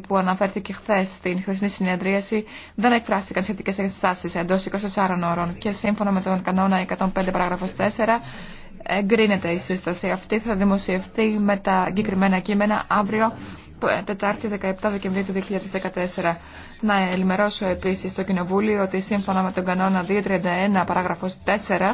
που αναφέρθηκε χθε στην χθεσινή συνεδρίαση δεν εκφράστηκαν σχετικέ ενστάσει εντό 24 ώρων και σύμφωνα με τον κανόνα 105 παράγραφο 4 εγκρίνεται η σύσταση. Αυτή θα δημοσιευτεί με τα εγκεκριμένα κείμενα αύριο ε, Τετάρτη 17 Δεκεμβρίου του 2014. Να ενημερώσω επίση το Κοινοβούλιο ότι σύμφωνα με τον κανόνα 231 παράγραφος 4